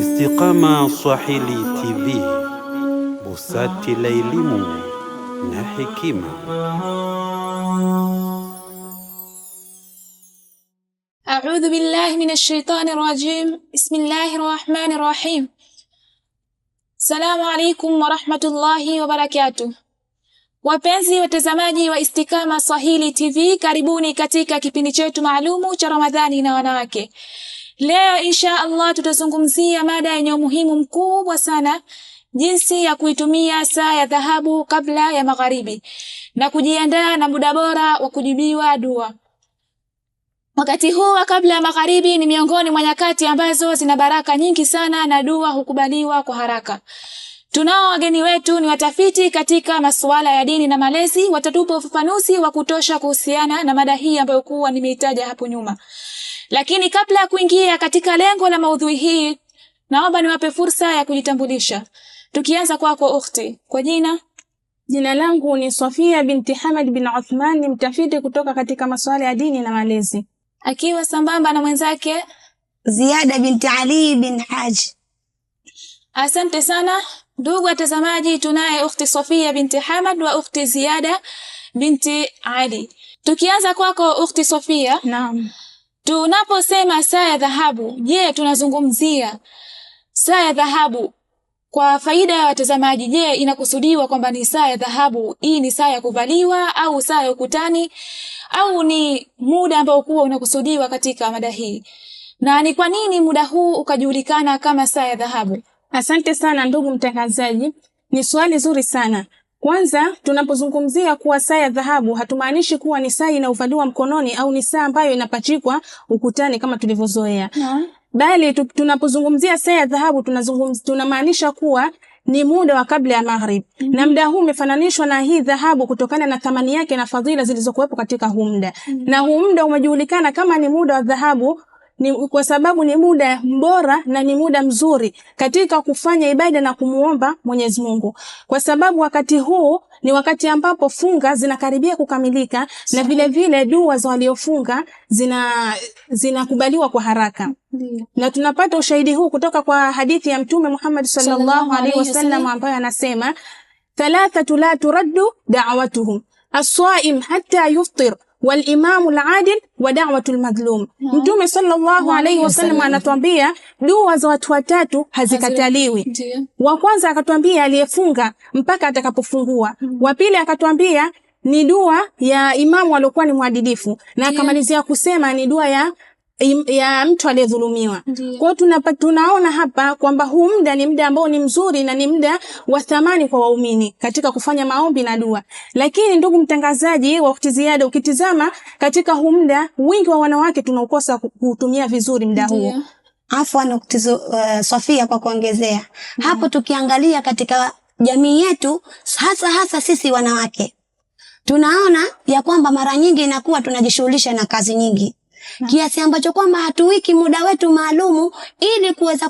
Istiqama Swahili TV, busati la elimu na hekima. Audhu billahi minash shaitani rajim. Bismillahi rahmani rahim. Salamu alaikum warahmatullahi wabarakatuh. Wapenzi watazamaji wa istikama Swahili TV, karibuni katika kipindi chetu maalumu cha Ramadhani na wanawake. Leo insha Allah tutazungumzia mada yenye umuhimu mkubwa sana, jinsi ya kuitumia saa ya dhahabu kabla ya magharibi na kujiandaa na muda bora wa kujibiwa dua. Wakati huu wa kabla ya magharibi ni miongoni mwa nyakati ambazo zina baraka nyingi sana na dua hukubaliwa kwa haraka. Tunao wageni wetu ni watafiti katika masuala ya dini na malezi, watatupa ufafanuzi wa kutosha kuhusiana na mada hii ambayo kuwa nimeitaja hapo nyuma. Lakini kabla ya kuingia katika lengo la maudhui hii, naomba niwape fursa ya kujitambulisha, tukianza kwako kwa ukhti. Kwa jina Jina langu ni Sofia binti Hamad bin Uthman, ni mtafiti kutoka katika masuala ya dini na malezi, akiwa sambamba na mwenzake Ziada binti Ali bin Haji. Asante sana. Ndugu watazamaji, tunaye ukhti Sofia binti Hamad wa ukhti Ziada binti Ali. Tukianza kwako ukhti Sofia. Naam. Tunaposema saa ya dhahabu, je, tunazungumzia saa ya dhahabu kwa faida ya watazamaji, je, inakusudiwa kwamba ni saa ya dhahabu hii ni saa ya kuvaliwa au saa ya ukutani au ni muda ambao kuwa unakusudiwa katika mada hii, na ni kwa nini muda huu ukajulikana kama saa ya dhahabu? Asante sana ndugu mtangazaji, ni swali zuri sana. Kwanza, tunapozungumzia kuwa saa ya dhahabu hatumaanishi kuwa ni saa inayovaliwa mkononi au ni saa ambayo inapachikwa ukutani kama tulivyozoea, bali tunapozungumzia saa ya dhahabu tunamaanisha kuwa ni muda wa kabla ya maghrib. mm -hmm. Na muda huu umefananishwa na hii dhahabu kutokana na thamani yake na fadhila zilizokuwepo katika huu muda. mm -hmm. Na huu muda umejulikana kama ni muda wa dhahabu ni kwa sababu ni muda mbora na ni muda mzuri katika kufanya ibada na kumuomba Mwenyezi Mungu, kwa sababu wakati huu ni wakati ambapo funga zinakaribia kukamilika na vile vile dua za waliofunga zina zinakubaliwa kwa haraka. Ndiyo. Na tunapata ushahidi huu kutoka kwa hadithi ya Mtume Muhammad sallallahu alaihi wasallam ambayo anasema thalathatu la turaddu da'watuhum as-sa'im hatta yuftir walimamu ladil wa dawatu lmadhlum. Mtume sallallahu alaihi wasallam anatwambia dua za watu watatu hazikataliwi. Wa kwanza akatwambia aliyefunga mpaka atakapofungua. Hmm. Wa pili akatwambia ni dua ya imamu aliokuwa ni mwadilifu, na akamalizia kusema ni dua ya ya mtu aliyedhulumiwa. Kwa hiyo tunaona hapa kwamba huu muda ni muda ambao ni mzuri na ni muda wa thamani kwa waumini katika kufanya maombi na dua. Lakini ndugu mtangazaji, wakati ziada, ukitizama katika huu muda, wingi wa wanawake tunaukosa kutumia vizuri muda huu. Afwan uh, eh, Sofia kwa kuongezea mm-hmm. hapo, tukiangalia katika jamii yetu, hasa hasa sisi wanawake tunaona ya kwamba mara nyingi inakuwa tunajishughulisha na kazi nyingi kiasi ambacho kwamba hatuwiki muda wetu maalumu ili kuweza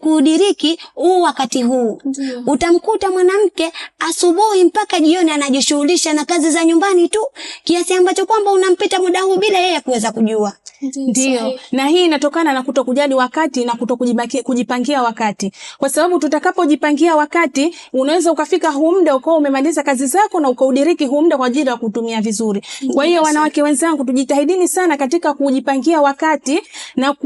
kuudiriki huu wakati huu. Utamkuta mwanamke asubuhi mpaka jioni anajishughulisha na kazi za nyumbani tu, kiasi ambacho kwamba unampita muda huu bila yeye kuweza kujua. Ndio, na hii inatokana na kuto kujali wakati na kuto kujipangia wakati, kwa sababu tutakapojipangia wakati, unaweza ukafika huu muda ukawa umemaliza kazi zako na ukaudiriki huu muda kwa ajili ya kutumia vizuri. Kwa hiyo, wanawake wenzangu, tujitahidini sana katika kujipangia wakati na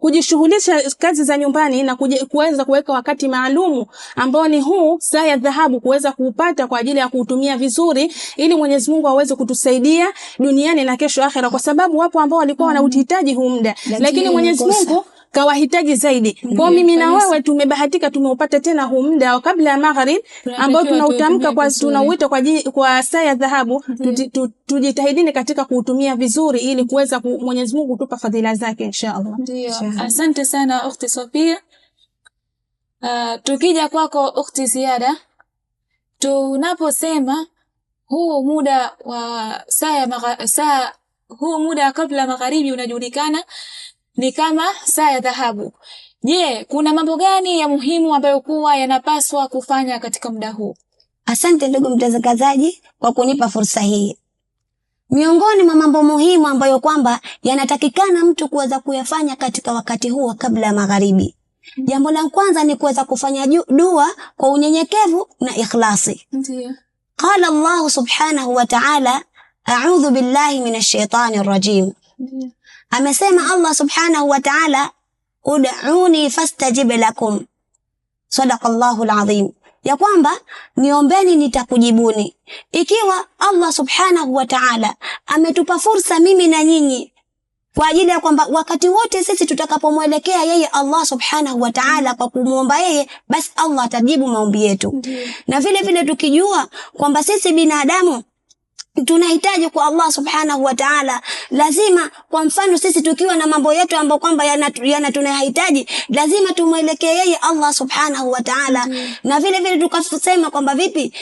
kujishughulisha kazi za nyumbani na kuweza kuweka wakati maalumu ambao ni huu saa ya dhahabu, kuweza kuupata kwa ajili ya kuutumia vizuri, ili Mwenyezi Mungu aweze kutusaidia duniani na kesho akhera, kwa sababu wapo ambao walikuwa wana tunauhitaji huu muda, lakini Mwenyezi Mungu kawahitaji zaidi. Kwa mm. mimi na wewe tumebahatika tumeupata tena huu muda kabla ya magharib ambao tunautamka kwa tunauita kwa, kwa saa ya dhahabu. Mm-hmm. Tujitahidini katika kuutumia vizuri ili kuweza Mwenyezi Mungu kutupa fadhila zake inshallah. Ndio. Asante sana ukhti Sofia. Uh, ah, tukija kwako ukhti Ziada, tunaposema huu muda wa saa ya saa huu muda wa kabla magharibi unajulikana ni kama saa ya dhahabu. Je, kuna mambo gani ya muhimu ambayo kuwa yanapaswa kufanya katika muda huu? Asante ndugu mtazamaji kwa kunipa fursa hii. Miongoni mwa mambo muhimu ambayo kwamba yanatakikana mtu kuweza kuyafanya katika wakati huu wa kabla ya magharibi, jambo la kwanza ni kuweza kufanya dua kwa unyenyekevu na ikhlasi. Ndiyo. Qala Allahu subhanahu wa ta'ala audhu billahi min shaitani rajim. Amesema Allah subhanahu wa taala, ud'uni fastajib lakum, sadaqallahu alazim, ya kwamba niombeni nitakujibuni. Ikiwa Allah subhanahu wa taala ametupa fursa mimi na nyinyi kwa ajili ya kwamba wakati wote sisi tutakapomwelekea yeye Allah subhanahu wa ta'ala kwa kumwomba yeye, basi Allah atajibu maombi yetu. Na vile vile tukijua kwamba sisi binadamu tunahitaji kwa Allah subhanahu wa ta'ala. Lazima kwa mfano sisi tukiwa na mambo yetu ambayo kwamba yana tunahitaji, lazima tumwelekee yeye Allah subhanahu wa ta'ala, mm. na vile vile tukasema kwamba vipi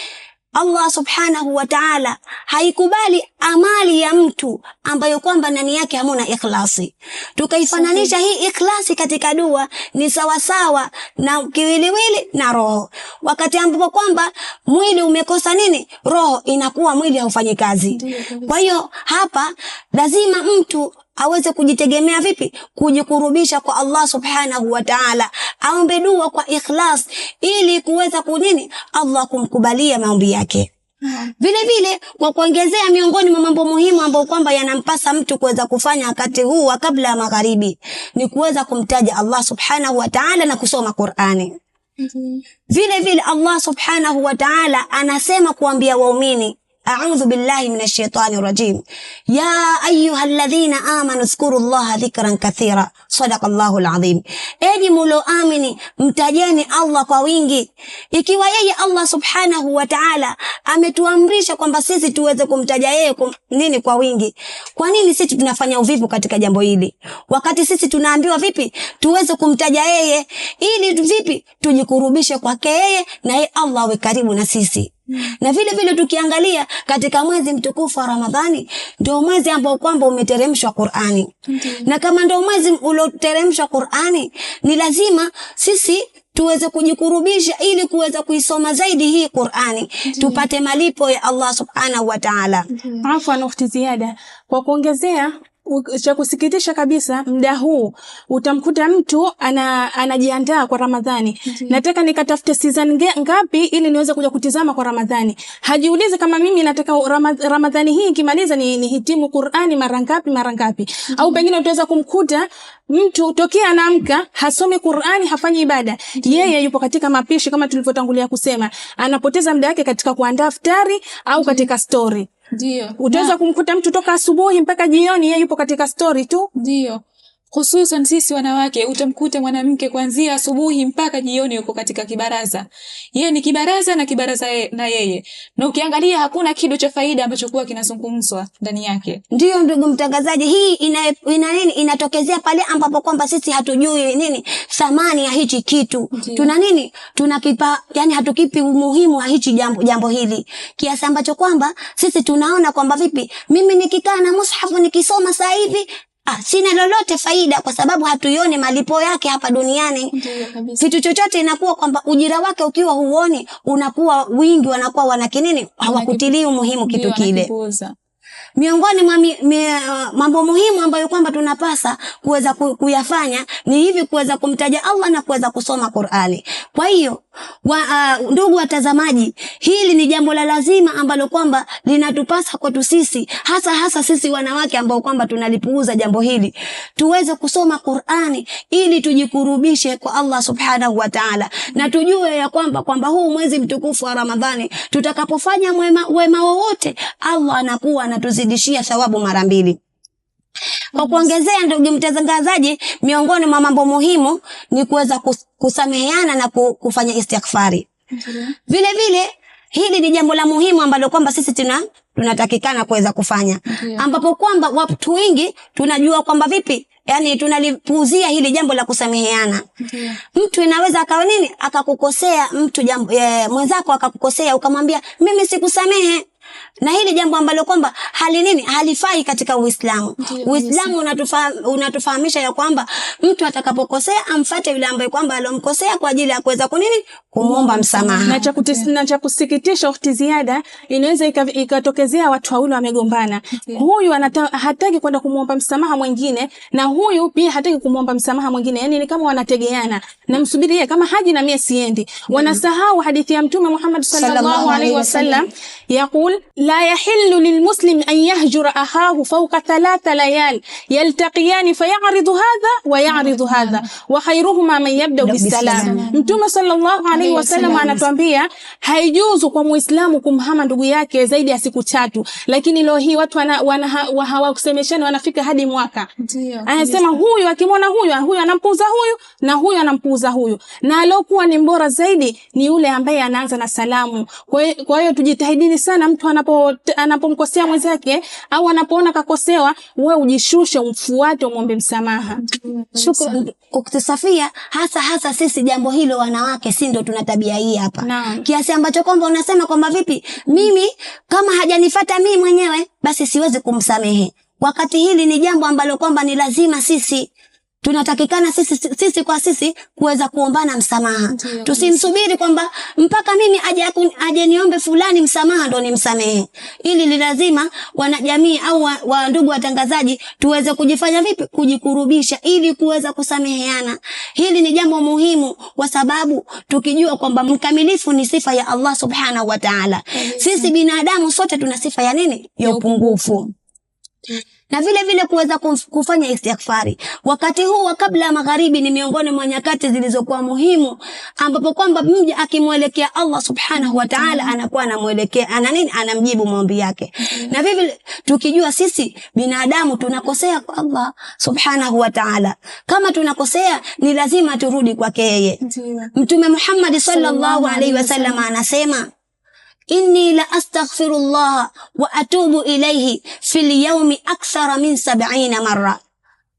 Allah subhanahu wa ta'ala haikubali amali ya mtu ambayo kwamba ndani yake hamuna ikhlasi. Tukaifananisha hii ikhlasi katika dua ni sawasawa na kiwiliwili na roho. Wakati ambapo kwamba mwili umekosa nini, roho inakuwa mwili haufanyi kazi. Kwa hiyo hapa lazima mtu aweze kujitegemea vipi? Kujikurubisha kwa Allah subhanahu wa ta'ala, aombe dua kwa ikhlas ili kuweza kunini, Allah kumkubalia maombi yake. Vile vile kwa kuongezea, miongoni mwa mambo muhimu ambayo kwamba yanampasa mtu kuweza kufanya wakati huu wa kabla ya magharibi ni kuweza kumtaja Allah subhanahu wa ta'ala na kusoma Qur'ani. Mm-hmm. Vile vile Allah subhanahu wa ta'ala anasema kuambia waumini audhu billahi min الشيطان rajim ya أيها الذين آمنوا اذكروا الله ذكرا كثيرا صدق الله العظيم Enyi amini mtajeni Allah kwa wingi. Ikiwa yeye Allah subhanahu wa ta'ala ametuamrisha kwamba sisi tuweze kumtaja yeye kum, nini kwa wingi, kwa nini sisi tunafanya uvivu katika jambo hili, wakati sisi tunaambiwa vipi tuweze kumtaja yeye, ili vipi tujikurubishe kwake yeye na yeye Allah awe karibu na sisi na vile vile tukiangalia katika mwezi mtukufu wa Ramadhani ndio mwezi ambao kwamba umeteremshwa Qur'ani. Na kama ndio mwezi ulioteremshwa Qur'ani, ni lazima sisi tuweze kujikurubisha ili kuweza kuisoma zaidi hii Qur'ani tupate malipo ya Allah Subhanahu wa Ta'ala. Afwan, ukhti Ziada, kwa kuongezea cha kusikitisha kabisa, mda huu utamkuta mtu ana, anajiandaa kwa Ramadhani mm -hmm. Nataka nikatafute season ngapi ili niweze kuja kutizama kwa Ramadhani. hajiulizi kama mimi nataka Ramadhani hii ikimaliza ni, ni hitimu Qur'ani mara ngapi mara ngapi mm -hmm. Au pengine utaweza kumkuta mtu tokea anaamka hasomi Qur'ani, hafanyi ibada mm Yeye yupo katika mapishi kama tulivyotangulia kusema, anapoteza mda wake katika kuandaa ftari au katika stori ndio. Utaweza kumkuta mtu toka asubuhi mpaka jioni yeye yupo katika stori tu. Ndio. Hususan sisi wanawake, utamkuta mwanamke kuanzia asubuhi mpaka jioni yuko katika kibaraza. Yeye ni kibaraza na kibaraza ye, na yeye, na ukiangalia hakuna kitu cha faida ambacho kuwa kinazungumzwa ndani yake. Ndiyo ndugu mtangazaji, hii ina, ina nini inatokezea pale ambapo kwamba sisi hatujui nini thamani ya hichi kitu Ndiyo. tuna nini tunakipa, yani hatukipi umuhimu wa hichi jambo, jambo hili kiasi ambacho kwamba sisi tunaona kwamba vipi, mimi nikikaa na mushafu nikisoma sasa hivi Ah, sina lolote faida kwa sababu hatuioni malipo yake hapa duniani. Kitu chochote inakuwa kwamba ujira wake ukiwa huoni, unakuwa wingi, wanakuwa wanakinini, hawakutilii umuhimu kitu kile miongoni mwa mi, mi, uh, mambo muhimu ambayo kwamba tunapasa kuweza kuyafanya ni hivi kuweza kumtaja Allah na kuweza kusoma Qur'ani. Kwa hiyo wa, uh, ndugu watazamaji, hili ni jambo la lazima ambalo kwamba linatupasa kwetu sisi, hasa hasa sisi wanawake ambao kwamba tunalipuuza jambo hili, tuweze kusoma Qur'ani ili tujikurubishe kwa Allah subhanahu wa ta'ala, na tujue ya kwamba kwamba huu mwezi mtukufu wa Ramadhani tutakapofanya wema wowote, Allah anakuwa anatuzi atazidishia thawabu mara mbili. Kwa kuongezea, ndugu mtazangazaji, miongoni mwa mambo muhimu ni kuweza kusameheana na kufanya istighfari. Vile vile hili ni jambo la muhimu ambalo kwamba sisi tuna tunatakikana kuweza kufanya, ambapo kwamba watu wengi tunajua kwamba vipi yani tunalipuuzia hili jambo la kusameheana. Yeah. Mtu inaweza akawa nini akakukosea mtu jambo, e, mwenzako akakukosea ukamwambia mimi sikusamehe na hili jambo ambalo kwamba hali nini halifai katika Uislamu. Uislamu unatufa, unatufahamisha ya kwamba mtu atakapokosea amfate yule ambaye kwamba alomkosea kwa ajili ya kuweza kunini kumwomba msamaha. Na cha kusikitisha, ukhti Ziada, inaweza ikatokezea watu wawili wamegombana, huyu hataki kwenda kumwomba msamaha mwingine na huyu pia hataki kumwomba msamaha mwingine, yani ni kama wanategeana, namsubiri yeye, kama haji na mie siendi. Wanasahau hadithi ya Mtume Muhammad sallallahu alaihi wasallam yaqul la yahillu lilmuslim an yahjura ahahu fauka thalatha layal yaltaqiyani fayaridu hadha wa yaridu hadha wa khairuhuma man yabdau bisalam. Mtume sallallahu alaihi wasallam anatuambia haijuzu kwa Muislamu kumhama ndugu yake zaidi ya siku tatu, lakini leo hii watu hawakusemeshani, wanafika hadi mwaka. Anasema huyu akimwona huyu huyu anampuuza huyu na huyu anampuuza huyu, na aliokuwa ni mbora zaidi ni yule ambaye anaanza na salamu. Kwa hiyo tujitahidini sana mtu mtu anapo anapomkosea mwenzake au anapoona kakosewa, we ujishushe, umfuate, umwombe msamaha. Shukrani uktisafia, hasa hasa sisi jambo hilo wanawake, si ndo tuna tabia hii hapa kiasi ambacho kwamba unasema kwamba vipi, mimi kama hajanifata mimi mwenyewe basi siwezi kumsamehe wakati hili ni jambo ambalo kwamba ni lazima sisi tunatakikana sisi, sisi kwa sisi kuweza kuombana msamaha. Tusimsubiri kwamba mpaka mimi aje niombe fulani msamaha ndo nimsamehe. Ili ni lazima wanajamii au wa, wa ndugu watangazaji tuweze kujifanya vipi, kujikurubisha ili kuweza kusameheana. Hili ni jambo muhimu, kwa sababu tukijua kwamba mkamilifu ni sifa ya Allah subhanahu wa ta'ala. Sisi binadamu sote tuna sifa ya nini, ya upungufu na vile vile kuweza kufanya istighfari wakati huu wa kabla ya magharibi ni miongoni mwa nyakati zilizokuwa muhimu, ambapo kwamba mja akimwelekea Allah subhanahu wa ta'ala anakuwa anamwelekea ana nini, anamjibu maombi yake. Na vile tukijua sisi binadamu tunakosea kwa Allah subhanahu wa ta'ala, kama tunakosea ni lazima turudi kwake yeye. Mtume Muhammad sallallahu alaihi wasallam anasema inni la astaghfiru llaha wa atubu ilaihi fil yaumi akthara min sabina marra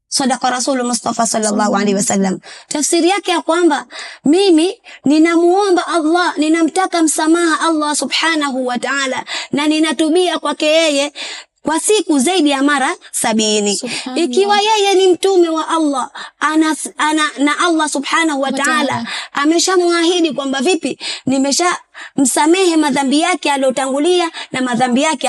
Sadaka Rasulu Mustafa sallallahu alaihi wasallam. Tafsiri yake ya kwamba mimi ninamuomba Allah, ninamtaka msamaha Allah subhanahu wa ta'ala, na ninatubia kwake yeye kwa siku zaidi ya mara sabini. Ikiwa yeye ni mtume wa Allah ana, ana, na Allah subhanahu wa ta'ala ameshamwahidi kwamba vipi, nimesha msamehe madhambi yake aliyotangulia na madhambi yake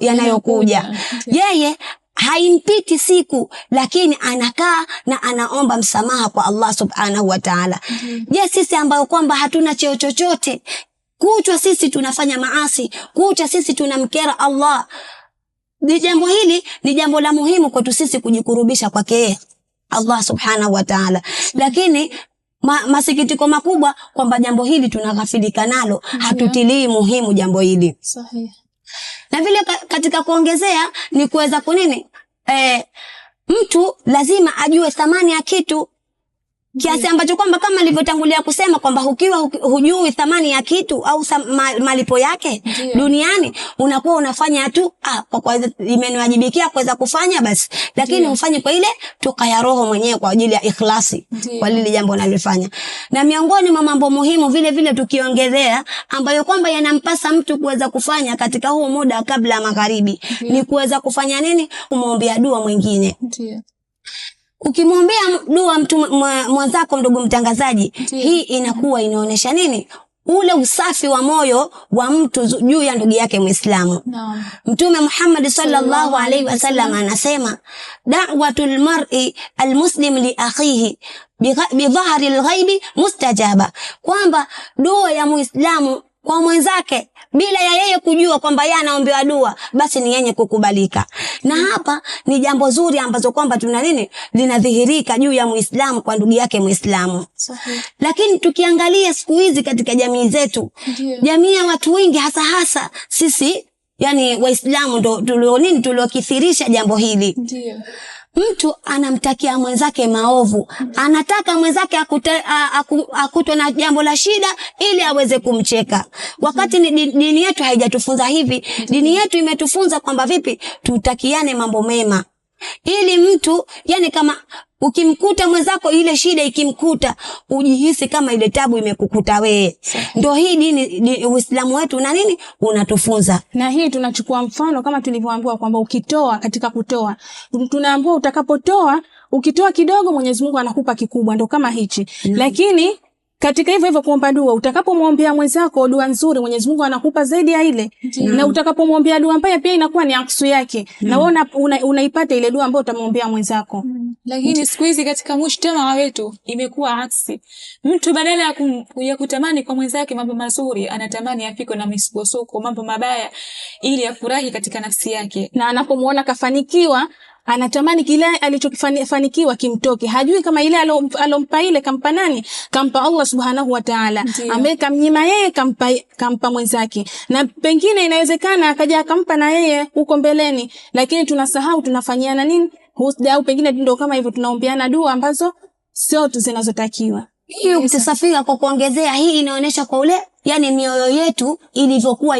yanayokuja, yeye haimpiti siku, lakini anakaa na anaomba msamaha kwa Allah subhanahu wa ta'ala. Je, -hmm. sisi ambayo kwamba hatuna cheo chochote kuchwa sisi tunafanya maasi, kuchwa sisi tunamkera Allah ni jambo hili ni jambo la muhimu kwetu sisi kujikurubisha kwake yeye Allah subhanahu wa ta'ala, lakini ma, masikitiko makubwa kwamba jambo hili tunaghafilika nalo, mhm. hatutilii muhimu jambo hili sahihi. Na vile katika kuongezea ni kuweza kunini, e, mtu lazima ajue thamani ya kitu kiasi ambacho kwamba kama nilivyotangulia kusema kwamba ukiwa hujui thamani ya kitu au sa, ma, malipo yake Ndiyo. duniani unakuwa unafanya tu ah, kwa kwa imeniwajibikia kuweza kufanya basi, lakini ufanye kwa ile toka ya roho mwenyewe kwa ajili ya ikhlasi Ndiyo. kwa lile jambo unalifanya. Na miongoni mwa mambo muhimu vile vile tukiongezea, ambayo kwamba yanampasa mtu kuweza kufanya katika huu muda kabla ya magharibi ni kuweza kufanya nini, kumwombea dua mwingine Ndiyo ukimwombea dua mtu mwenzako, mdogo mtangazaji, hii inakuwa inaonyesha nini? Ule usafi wa moyo wa mtu juu ya ndugu yake Muislamu. No. Mtume Muhammad sallallahu alaihi wasallam anasema da'watul mar'i almuslim li akhihi bidhahri lghaibi mustajaba, kwamba dua ya Muislamu kwa mwenzake bila ya yeye kujua kwamba yeye anaombewa dua, basi ni yenye kukubalika. Na hapa ni jambo zuri ambazo kwamba tuna nini linadhihirika juu ya Muislamu kwa ndugu yake Muislamu. Lakini tukiangalia siku hizi katika jamii zetu, Ndiyo. jamii ya watu wengi hasa hasa sisi yani Waislamu ndo tulio nini tuliokithirisha jambo hili. Ndiyo mtu anamtakia mwenzake maovu, anataka mwenzake akutwe na jambo la shida ili aweze kumcheka, wakati ni dini yetu haijatufunza hivi. Dini yetu imetufunza kwamba vipi, tutakiane mambo mema ili mtu yani, kama ukimkuta mwenzako ile shida ikimkuta, ujihisi kama ile tabu imekukuta wewe. Ndio hii dini di, Uislamu wetu na nini unatufunza, na hii tunachukua mfano kama tulivyoambiwa kwamba ukitoa katika kutoa, tunaambiwa utakapotoa ukitoa kidogo Mwenyezi Mungu anakupa kikubwa, ndo kama hichi mm. Lakini katika hivyo hivyo kuomba dua, utakapomwombea mwenzako dua nzuri, Mwenyezi Mungu anakupa zaidi ya ile mm. na utakapomwombea dua mbaya pia inakuwa ni aksu yake mm. na wewe una, unaipata ile dua ambayo utamwombea mwenzako mm. Lakini siku hizi katika mshtama wetu imekuwa aksi, mtu badala ya, kum, ya kutamani kwa mwenzake mambo mazuri anatamani afike na misukosuko, mambo mabaya ili afurahi katika nafsi yake, na anapomuona kafanikiwa anatamani kile alichofanikiwa kimtoke, hajui kama ile alompa ile kampa nani? Kampa Allah subhanahu wa ta'ala, ambaye kamnyima yeye kampa, kampa mwenzake, na pengine inawezekana akaja akampa na yeye huko mbeleni, lakini tunasahau tunafanyiana nini husda, au pengine ndio kama hivyo tunaombeana dua ambazo sio zinazotakiwa hii kutasafika kwa kuongezea, hii inaonyesha kwa ule yani mioyo yetu ilivyokuwa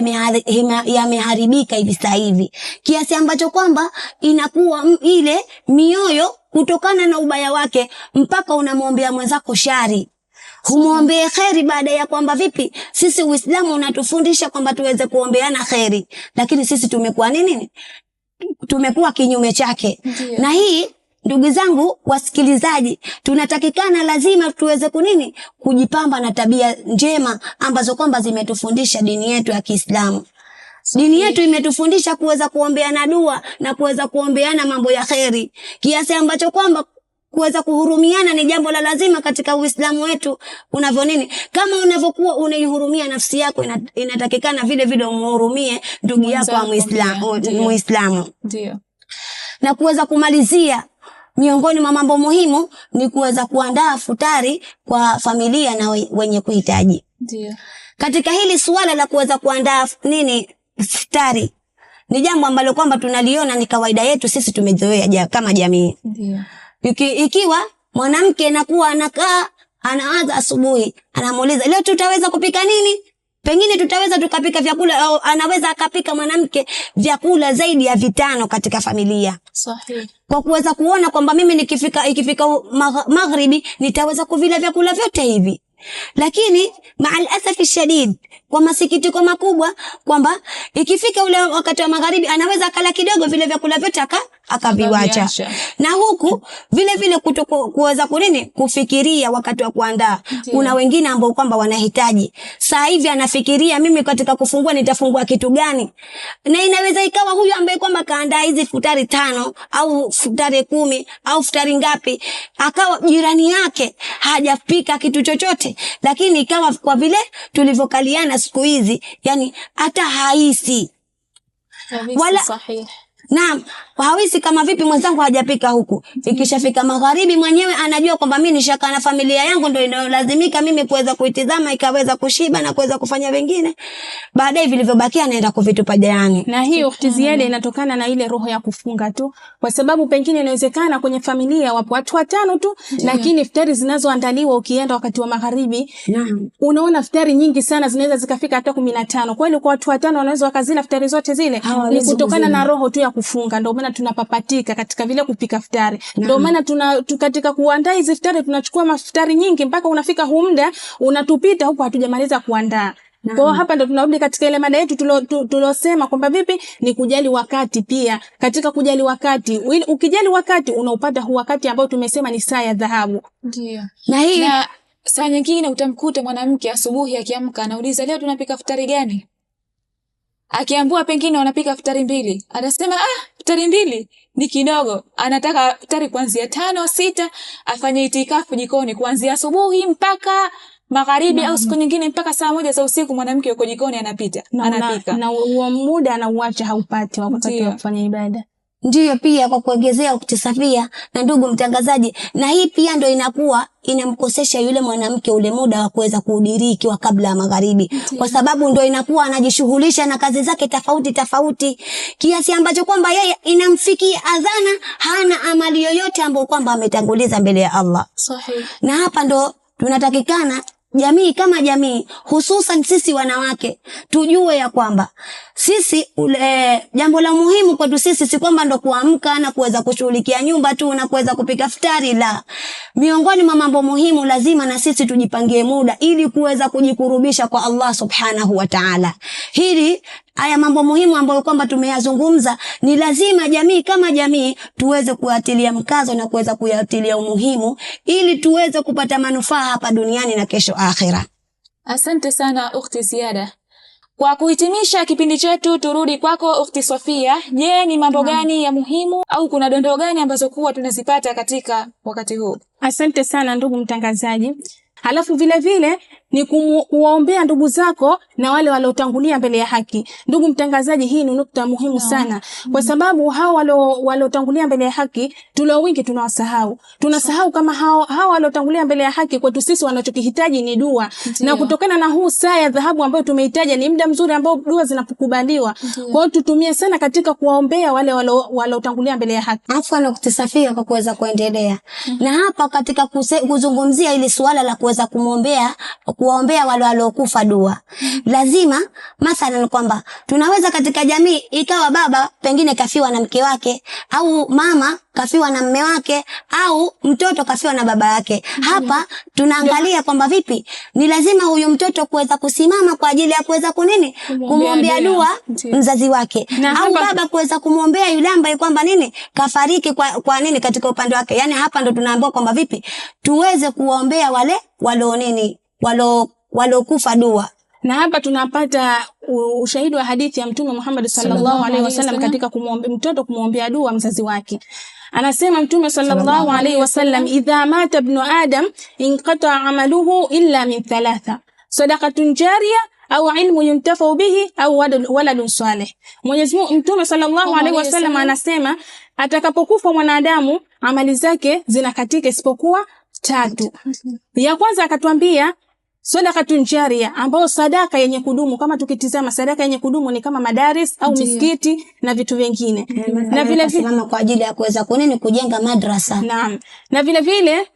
yameharibika hivi sasa hivi, kiasi ambacho kwamba inakuwa ile mioyo kutokana na ubaya wake, mpaka unamwombea mwenzako shari humwombee kheri, baada ya kwamba vipi, sisi Uislamu unatufundisha kwamba tuweze kuombeana kheri, lakini sisi tumekuwa nini? Tumekuwa kinyume chake, na hii Ndugu zangu wasikilizaji, tunatakikana lazima tuweze kunini, kujipamba na tabia njema ambazo kwamba zimetufundisha dini yetu ya Kiislamu. Dini yetu imetufundisha kuweza kuombeana dua na kuweza kuombeana mambo ya kheri, kiasi ambacho kwamba kuweza kuhurumiana ni jambo la lazima katika Uislamu wetu unavyo nini. Kama unavyokuwa unaihurumia nafsi yako, inatakikana vile vile umhurumie ndugu yako wa Muislamu, Muislamu, ndio na kuweza kumalizia Miongoni mwa mambo muhimu ni kuweza kuandaa futari kwa familia na wenye kuhitaji. Katika hili suala la kuweza kuandaa nini futari ni jambo ambalo kwamba tunaliona ni kawaida yetu sisi tumezoea kama jamii. Ndio. Iki, ikiwa mwanamke anakuwa anakaa anaanza asubuhi, anamuuliza leo tutaweza kupika nini? Pengine tutaweza tukapika vyakula au anaweza akapika mwanamke vyakula zaidi ya vitano katika familia. Sahihi. Kwa kuweza kuona kwamba mimi nikifika ikifika magharibi nitaweza kuvila vyakula vyote hivi. Lakini maal asafi shadid, kwa masikitiko makubwa kwamba ikifika ule wakati wa magharibi anaweza akala kidogo vile vyakula vyote aka akaviwacha na huku vile vile kuweza kunini kufikiria wakati wa kuandaa. Kuna wengine ambao kwamba wanahitaji saa hivi anafikiria, mimi katika kufungua nitafungua kitu gani, na inaweza ikawa huyu ambaye kwamba kaandaa hizi futari tano au futari kumi au futari ngapi, akawa jirani yake hajapika kitu chochote, lakini ikawa kwa vile tulivyokaliana siku hizi, yani hata haisi wala, naam hawezi kama vipi mwenzangu hajapika huku. Ikishafika magharibi, mwenyewe anajua kwamba mimi nishaka na familia yangu ndio inayolazimika mimi kuweza kuitizama ikaweza kushiba na kuweza kufanya vingine. Baadaye vilivyobakia anaenda kuvitupa jirani. Na hii ukti ziada inatokana na ile roho ya kufunga tu, kwa sababu pengine inawezekana kwenye familia wapo watu watano tu, lakini iftari zinazoandaliwa ukienda wakati wa magharibi, unaona iftari nyingi sana zinaweza zikafika hata 15. Kwa hiyo kwa watu watano wanaweza wakazila iftari zote zile, ni kutokana na roho tu ya kufunga ndio maana tunapapatika katika vile kupika futari. Mm-hmm. Ndio maana tuna katika kuandaa hizi futari tunachukua mafutari nyingi mpaka unafika huu muda unatupita huku hatujamaliza kuandaa. Mm-hmm. Kwa hapa ndo tunarudi katika ile mada yetu tulosema tulo kwamba vipi ni kujali wakati pia. Katika kujali wakati, ukijali wakati unaupata huu wakati ambao tumesema ni saa ya dhahabu. Ndio. Na hii na saa nyingine utamkuta mwanamke asubuhi akiamka anauliza leo tunapika futari gani? akiambua pengine wanapika futari mbili, anasema ah, futari mbili ni kidogo, anataka futari kuanzia tano sita, afanye itikafu jikoni kuanzia asubuhi mpaka magharibi au siku mm-hmm. nyingine mpaka saa moja za usiku, mwanamke uko jikoni anapita na, anapika na, na, na, na, muda anauacha haupati wakutakiwa kufanya ibada. Ndiyo, pia kwa kuongezea uktisafia na ndugu mtangazaji, na hii pia ndo inakuwa inamkosesha yule mwanamke ule muda wa kuweza kudiriki wa kabla ya magharibi, kwa sababu ndo inakuwa anajishughulisha na kazi zake tofauti tofauti, kiasi ambacho kwamba yeye inamfikia adhana, hana amali yoyote ambayo kwamba ametanguliza mbele ya Allah. Sahihi. Na hapa ndo tunatakikana jamii kama jamii, hususan sisi wanawake tujue ya kwamba sisi ule, eh, jambo la muhimu kwetu sisi si kwamba ndo kuamka na kuweza kushughulikia nyumba tu na kuweza kupika futari. La, miongoni mwa mambo muhimu lazima na sisi tujipangie muda ili kuweza kujikurubisha kwa Allah subhanahu wa ta'ala. Hili haya mambo muhimu ambayo kwamba tumeyazungumza, ni lazima jamii kama jamii tuweze kuyatilia mkazo na kuweza kuyatilia umuhimu ili tuweze kupata manufaa hapa duniani na kesho akhira. Asante sana ukhti Ziada. Kwa kuhitimisha kipindi chetu, turudi kwako ukhti Sofia. Je, ni mambo gani ya muhimu au kuna dondoo gani ambazo kuwa tunazipata katika wakati huu? Asante sana ndugu mtangazaji. Halafu vilevile vile ni kuwaombea ndugu zako na wale waliotangulia mbele ya haki. Ndugu mtangazaji, hii ni nukta muhimu sana, kwa sababu hao waliotangulia mbele ya haki tulio wingi tunawasahau, tunasahau kama hao hao waliotangulia mbele ya haki kwetu sisi wanachokihitaji ni dua, na kutokana na huu saa ya dhahabu ambayo tumeitaja ni muda mzuri ambao dua zinapokubaliwa. Kwa hiyo tutumie sana katika kuwaombea wale waliotangulia mbele ya haki, afu na kutisafia kwa kuweza kuendelea mm. na hapa katika kuse, kuzungumzia ili suala la kuweza kumwombea ku kuwaombea wale waliokufa dua. Lazima mathalan kwamba tunaweza katika jamii ikawa baba pengine kafiwa na mke wake au mama kafiwa na mme wake au mtoto kafiwa na baba yake. Hapa tunaangalia kwamba vipi ni lazima huyu mtoto kuweza kusimama kwa ajili ya kuweza kunini kumwombea dua mzazi wake, na au hapa... baba kuweza kumwombea yule ambaye kwamba nini kafariki kwa, kwa nini katika upande wake. Yani hapa ndo tunaambiwa kwamba vipi tuweze kuwaombea wale walio nini walo walokufa dua na hapa tunapata ushahidi wa hadithi ya Mtume Muhammad sallallahu alaihi wasallam katika kumwomba mtoto kumwombea dua mzazi wake. Anasema Mtume sallallahu alaihi wasallam, idha mata ibnu adam inqata amaluhu illa min thalatha sadaqatun jariya au ilmu yuntafau bihi au waladun salih. Mwenyezi Mungu Mtume sallallahu alaihi wasallam anasema atakapokufa mwanadamu amali zake zinakatika isipokuwa tatu. Ya kwanza akatwambia sadakatun jaria, ambayo sadaka yenye kudumu. Kama tukitizama sadaka yenye kudumu ni kama madaris au misikiti na vitu vingine, na vile vile kwa ajili ya kuweza kunini kujenga madrasa. Naam, na vile vile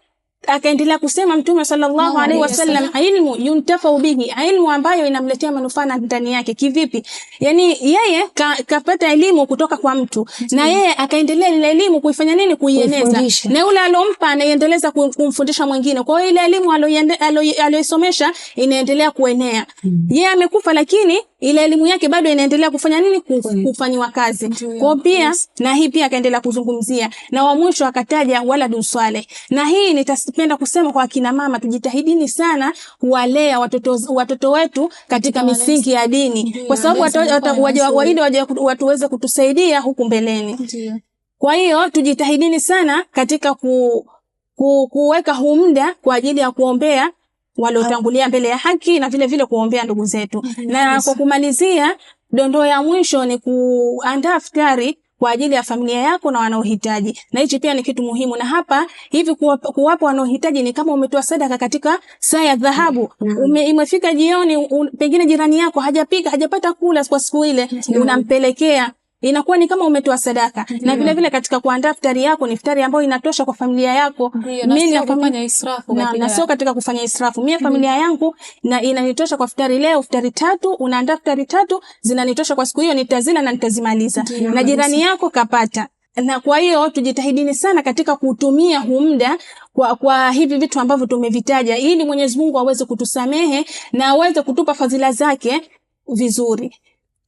Akaendelea kusema Mtume sallallahu alaihi wasallam, ilmu yuntafau bihi, ilmu ambayo inamletea manufaa ndani yake. Kivipi? Yani yeye ka, kapata elimu kutoka kwa mtu na mm-hmm. yeye akaendelea ile elimu kuifanya nini? Kuieneza, na yule alompa anaiendeleza kumfundisha mwingine. Kwa hiyo ile elimu aloisomesha inaendelea kuenea. Mm-hmm. Yeye amekufa, lakini ila elimu yake bado inaendelea kufanya nini? Kufanyiwa kazi kwao pia, na hii pia akaendelea kuzungumzia, na wa mwisho akataja waladun saleh, na hii nitapenda kusema kwa akina mama, tujitahidini sana kuwalea watoto, watoto wetu katika misingi ya dini, kwa sababu watuweze watu kutusaidia huku mbeleni. Kwa hiyo tujitahidini sana katika ku, ku, kuweka huu muda kwa ajili ya kuombea waliotangulia mbele ya haki na vile vile kuombea ndugu zetu. Na kwa kumalizia, dondoo ya mwisho ni kuandaa iftari kwa ajili ya familia yako na wanaohitaji, na hichi pia ni kitu muhimu. Na hapa hivi kuwapa wanaohitaji ni kama umetoa sadaka katika saa ya dhahabu. Mm-hmm. Imefika jioni, pengine jirani yako hajapika, hajapata kula kwa siku ile, unampelekea inakuwa ni kama umetoa sadaka Dio. Na vile vile katika kuandaa futari yako ni futari ambayo inatosha kwa familia yako Dio, na sio kufanya israfu na, na sio katika kufanya israfu mimi familia yangu na inanitosha kwa futari leo futari tatu unaandaa futari tatu zinanitosha kwa siku hiyo nitazila na nitazimaliza Dio, na jirani yako kapata na kwa hiyo tujitahidini sana katika kutumia huu muda kwa, kwa hivi vitu ambavyo tumevitaja ili Mwenyezi Mungu aweze kutusamehe na aweze kutupa fadhila zake vizuri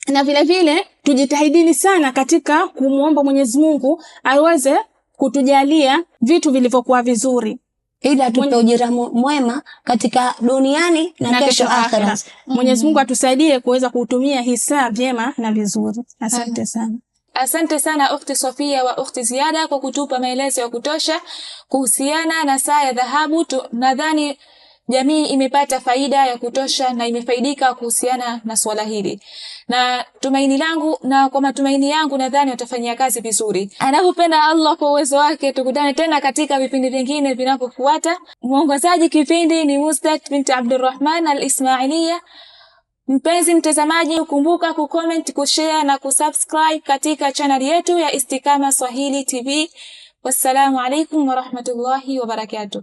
na vile vile tujitahidini sana katika kumwomba Mwenyezi Mungu aweze kutujalia vitu vilivyokuwa vizuri ili atupe ujira mwema katika duniani na, na kesho akhera. Mwenyezi Mungu atusaidie kuweza kutumia hii saa vyema na vizuri. Asante sana. Asante sana ukhti Sofia wa ukhti Ziada kwa kutupa maelezo ya kutosha kuhusiana na saa ya dhahabu. Nadhani jamii imepata faida ya kutosha na imefaidika kuhusiana na swala hili, na tumaini langu na kwa matumaini yangu nadhani watafanyia kazi vizuri. Anapopenda Allah kwa uwezo wake, tukutane tena katika vipindi vingine vinavyofuata. Mwongozaji kipindi ni mustat bint Abdurrahman al-Ismailia. Mpenzi mtazamaji, ukumbuka kucomment, kushare na kusubscribe katika chaneli yetu ya istikama Swahili TV. Wassalamu alaikum warahmatullahi wabarakatuh.